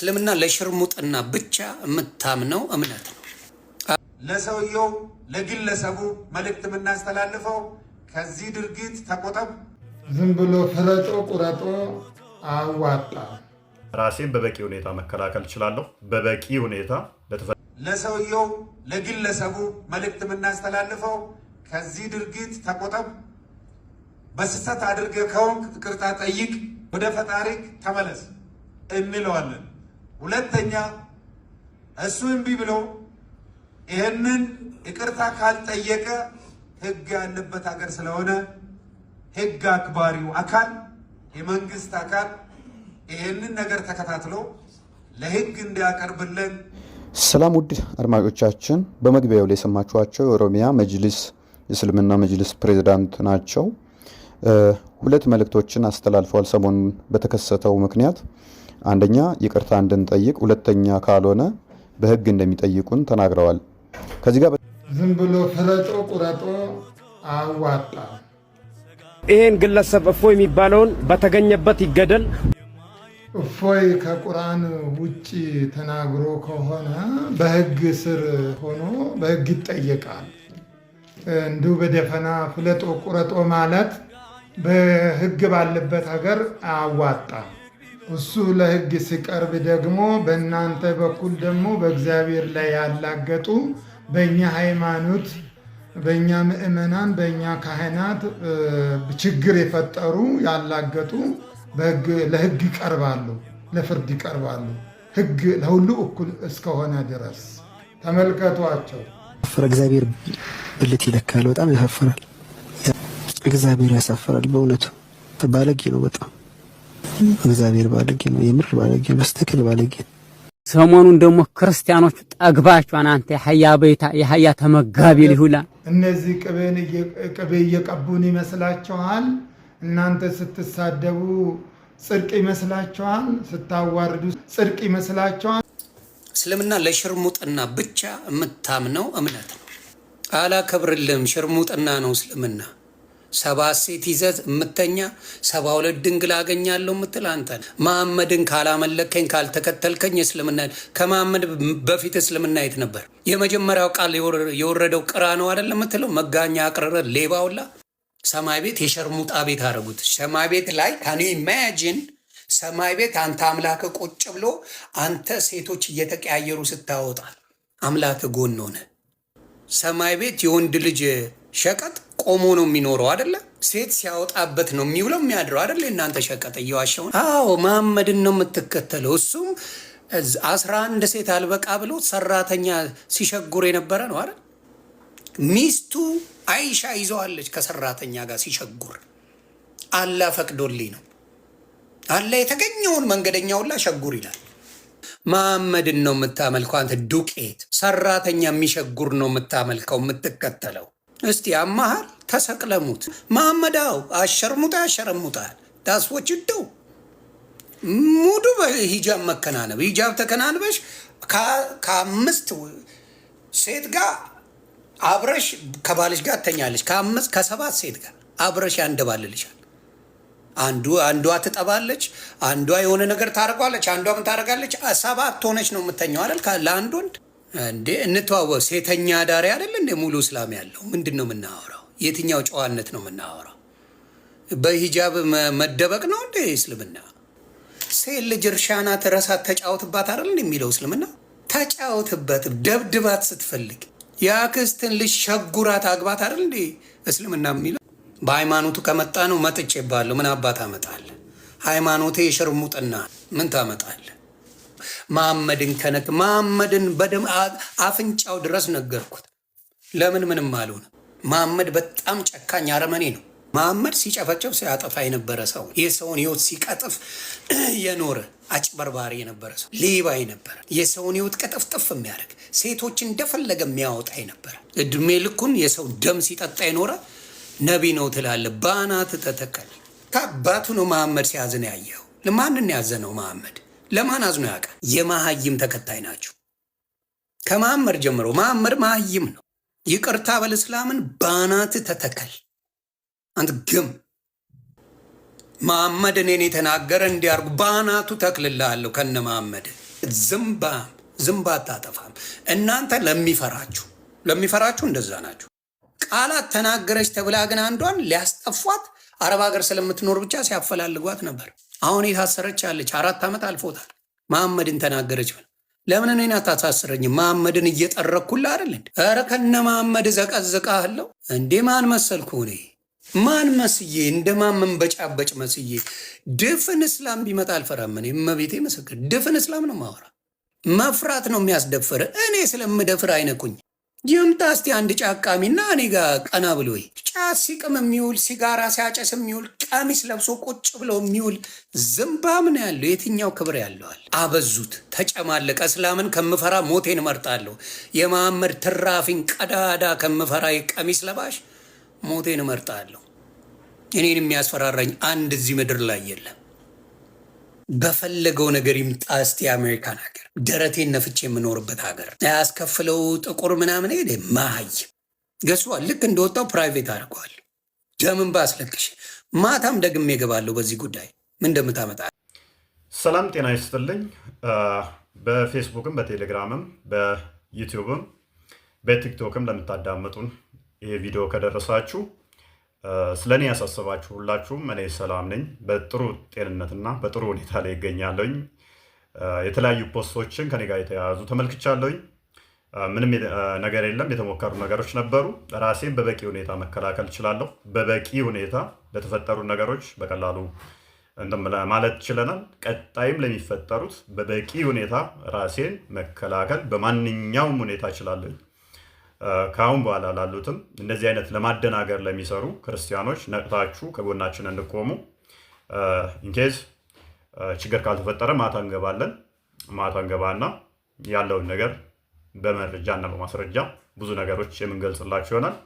እስልምና ለሽርሙጥና ብቻ የምታምነው እምነት ነው። ለሰውየው ለግለሰቡ መልእክት የምናስተላልፈው ከዚህ ድርጊት ተቆጠብ። ዝም ብሎ ፍለጦ ቁረጦ አዋጣ። ራሴን በበቂ ሁኔታ መከላከል እችላለሁ። በበቂ ሁኔታ ለሰውየው ለግለሰቡ መልእክት የምናስተላልፈው ከዚህ ድርጊት ተቆጠብ። በስህተት አድርገ ከሆንክ ይቅርታ ጠይቅ፣ ወደ ፈጣሪክ ተመለስ እንለዋለን። ሁለተኛ እሱ እምቢ ብሎ ይህንን ይቅርታ ካልጠየቀ ህግ ያለበት ሀገር ስለሆነ ህግ አክባሪው አካል የመንግስት አካል ይህንን ነገር ተከታትሎ ለህግ እንዲያቀርብልን። ሰላም ውድ አድማጮቻችን፣ በመግቢያው ላይ የሰማችኋቸው የኦሮሚያ መጅሊስ የእስልምና መጅሊስ ፕሬዚዳንት ናቸው። ሁለት መልእክቶችን አስተላልፈዋል። ሰሞኑን በተከሰተው ምክንያት አንደኛ ይቅርታ እንድንጠይቅ፣ ሁለተኛ ካልሆነ በህግ እንደሚጠይቁን ተናግረዋል። ከዚህ ጋር ዝም ብሎ ፍለጦ ቁረጦ አዋጣ። ይሄን ግለሰብ እፎ የሚባለውን በተገኘበት ይገደል። እፎይ ከቁርአን ውጭ ተናግሮ ከሆነ በህግ ስር ሆኖ በህግ ይጠየቃል። እንዲሁ በደፈና ፍለጦ ቁረጦ ማለት በህግ ባለበት ሀገር አዋጣ እሱ ለህግ ሲቀርብ ደግሞ በእናንተ በኩል ደግሞ በእግዚአብሔር ላይ ያላገጡ በእኛ ሃይማኖት፣ በእኛ ምእመናን፣ በእኛ ካህናት ችግር የፈጠሩ ያላገጡ ለህግ ይቀርባሉ፣ ለፍርድ ይቀርባሉ። ህግ ለሁሉ እኩል እስከሆነ ድረስ ተመልከቷቸው። እግዚአብሔር ብልት ይለካል። በጣም ያሳፍራል። እግዚአብሔር ያሳፍራል። በእውነቱ ባለጌ ነው በጣም እግዚአብሔር ባለጌ ነው፣ የምር ባለጌ ነው፣ በስተክል ባለጌ ነው። ሰሞኑን ደግሞ ክርስቲያኖቹ ጠግባችኋን አንተ የሀያ በይታ የሀያ ተመጋቢ ሊሁላ እነዚህ ቅቤ እየቀቡን ይመስላችኋል። እናንተ ስትሳደቡ ጽድቅ ይመስላችኋል። ስታዋርዱ ጽድቅ ይመስላችኋል። እስልምና ለሽርሙጥና ብቻ የምታምነው እምነት ነው። አላከብርልም። ሽርሙጥና ነው እስልምና ሰባት ሴት ይዘት የምተኛ ሰባ ሁለት ድንግል አገኛለሁ የምትል አንተ መሐመድን ካላመለከኝ ካልተከተልከኝ እስልምና ከመሐመድ በፊት እስልምና የት ነበር? የመጀመሪያው ቃል የወረደው ቅራ ነው አደለ የምትለው መጋኛ አቅርረ ሌባ ሰማይ ቤት የሸርሙጣ ቤት አደረጉት። ሰማይ ቤት ላይ ካን ኢማጂን ሰማይ ቤት አንተ አምላክ ቁጭ ብሎ አንተ ሴቶች እየተቀያየሩ ስታወጣል አምላክ ጎን ሆነ ሰማይ ቤት የወንድ ልጅ ሸቀጥ ቆሞ ነው የሚኖረው አደለ? ሴት ሲያወጣበት ነው የሚውለው የሚያድረው አደለ? እናንተ ሸቀጥ እየዋሸውን። አዎ መሐመድን ነው የምትከተለው። እሱም አስራ አንድ ሴት አልበቃ ብሎ ሰራተኛ ሲሸጉር የነበረ ነው አይደል? ሚስቱ አይሻ ይዘዋለች ከሰራተኛ ጋር ሲሸጉር። አላ ፈቅዶልኝ ነው አላ የተገኘውን መንገደኛ ሁላ ሸጉር ይላል። መሐመድን ነው የምታመልከው አንተ ዱቄት። ሰራተኛ የሚሸጉር ነው የምታመልከው የምትከተለው። እስቲ አማሃል ተሰቅለሙት መሐመዳው አሸርሙጣ ያሸረሙጣል ዳስዎች ደው ሙዱ በሂጃብ መከናነብ ሂጃብ ተከናንበሽ ከአምስት ሴት ጋር አብረሽ ከባልሽ ጋር ተኛለች ከአምስት ከሰባት ሴት ጋር አብረሽ ያንደባልልሻል። አንዱ አንዷ ትጠባለች፣ አንዷ የሆነ ነገር ታደርጓለች፣ አንዷ ምን ታደርጋለች። ሰባት ሆነች ነው የምተኘው አይደል ለአንድ ወንድ እንዴ እንተዋወቅ። ሴተኛ አዳሪ አይደለ እንደ ሙሉ እስላም ያለው ምንድን ነው የምናወራው? የትኛው ጨዋነት ነው የምናወራው? በሂጃብ መደበቅ ነው እንዴ እስልምና? ሴት ልጅ እርሻ ናት ረሳት ተጫወትባት አይደል እንደ የሚለው እስልምና? ተጫወትበት፣ ደብድባት ስትፈልግ፣ የአክስትን ልጅ ሸጉራት፣ አግባት አይደል እንዴ እስልምና የሚለው? በሃይማኖቱ ከመጣ ነው መጥቼ ባለሁ ምን አባት አመጣለ? ሃይማኖቴ የሽርሙጥና ምን ታመጣለ? መሐመድን ከነቅ መሐመድን በደም አፍንጫው ድረስ ነገርኩት። ለምን ምንም አልሆነ። መሐመድ በጣም ጨካኝ አረመኔ ነው። መሐመድ ሲጨፈጨፍ ሲያጠፋ የነበረ ሰው የሰውን ህይወት ሲቀጥፍ የኖረ አጭበርባሪ የነበረ ሰው ሌባ የነበረ የሰውን ህይወት ቀጥፍጥፍ የሚያደርግ ሴቶች እንደፈለገ የሚያወጣ የነበረ እድሜ ልኩን የሰው ደም ሲጠጣ የኖረ ነቢ ነው ትላለ። ባናት ተተከል ከአባቱ ነው መሐመድ ሲያዝን ያየው። ለማንን ያዘነው መሐመድ? ለማን አዝኖ ያውቃል? የማሀይም ተከታይ ናቸው። ከመሐመድ ጀምሮ መሐመድ ማሀይም ነው። ይቅርታ በልስላምን ባናት ተተከል አንተ ግም መሐመድ እኔን የተናገረ እንዲያርጉ ባናቱ ተክልላለሁ። ከነ መሐመድ ዝምባ ዝምባ አታጠፋም። እናንተ ለሚፈራችሁ ለሚፈራችሁ እንደዛ ናችሁ። ቃላት ተናገረች ተብላ ግን አንዷን ሊያስጠፏት አረብ ሀገር ስለምትኖር ብቻ ሲያፈላልጓት ነበር። አሁን የታሰረች አለች። አራት ዓመት አልፎታል። መሐመድን ተናገረች ብለ ለምን እኔን አታሳስረኝም? መሐመድን እየጠረኩልህ አይደል? ኧረ ከነ መሐመድ ዘቀዝቃለሁ እንዴ! ማን መሰልኩ እኔ ማን መስዬ እንደ ማመን በጫበጭ መስዬ ድፍን እስላም ቢመጣ አልፈራም። እኔ እመቤቴ ምስክር ድፍን እስላም ነው ማወራ። መፍራት ነው የሚያስደፍር። እኔ ስለምደፍር አይነኩኝ። ይምጣ እስቲ አንድ ጫቃሚና እኔ ጋር ቀና ብሎ ጫት ሲቅም የሚውል ሲጋራ ሲያጨስ የሚውል ቀሚስ ለብሶ ቁጭ ብሎ የሚውል ዝምባም ነው ያለው። የትኛው ክብር ያለዋል? አበዙት፣ ተጨማለቀ። እስላምን ከምፈራ ሞቴን እመርጣለሁ። የመሐመድ ትራፊን ቀዳዳ ከምፈራ ቀሚስ ለባሽ ሞቴን እመርጣለሁ። እኔን የሚያስፈራራኝ አንድ እዚህ ምድር ላይ የለም። በፈለገው ነገር ይምጣ እስቲ የአሜሪካን ሀገር ደረቴን ነፍቼ የምኖርበት ሀገር ያስከፍለው ጥቁር ምናምን ሄደ ማሀይ ገሷል። ልክ እንደወጣው ፕራይቬት አድርገዋል። ደምን ባስለቅሽ ማታም ደግሜ እገባለሁ በዚህ ጉዳይ ምን እንደምታመጣ። ሰላም ጤና ይስጥልኝ። በፌስቡክም በቴሌግራምም በዩቲዩብም በቲክቶክም ለምታዳምጡን ይህ ቪዲዮ ከደረሳችሁ ስለ እኔ ያሳሰባችሁ ሁላችሁም እኔ ሰላም ነኝ፣ በጥሩ ጤንነትና በጥሩ ሁኔታ ላይ ይገኛለኝ። የተለያዩ ፖስቶችን ከኔ ጋር የተያያዙ ተመልክቻለኝ። ምንም ነገር የለም፣ የተሞከሩ ነገሮች ነበሩ። ራሴን በበቂ ሁኔታ መከላከል እችላለሁ፣ በበቂ ሁኔታ ለተፈጠሩ ነገሮች በቀላሉ ማለት ችለናል። ቀጣይም ለሚፈጠሩት በበቂ ሁኔታ ራሴን መከላከል በማንኛውም ሁኔታ እችላለሁ። ከአሁን በኋላ ላሉትም እንደዚህ አይነት ለማደናገር ለሚሰሩ ክርስቲያኖች ነቅታችሁ ከጎናችን እንቆሙ። ኢንኬዝ ችግር ካልተፈጠረ ማታ እንገባለን። ማታ እንገባና ያለውን ነገር በመረጃ እና በማስረጃ ብዙ ነገሮች የምንገልጽላችሁ ይሆናል።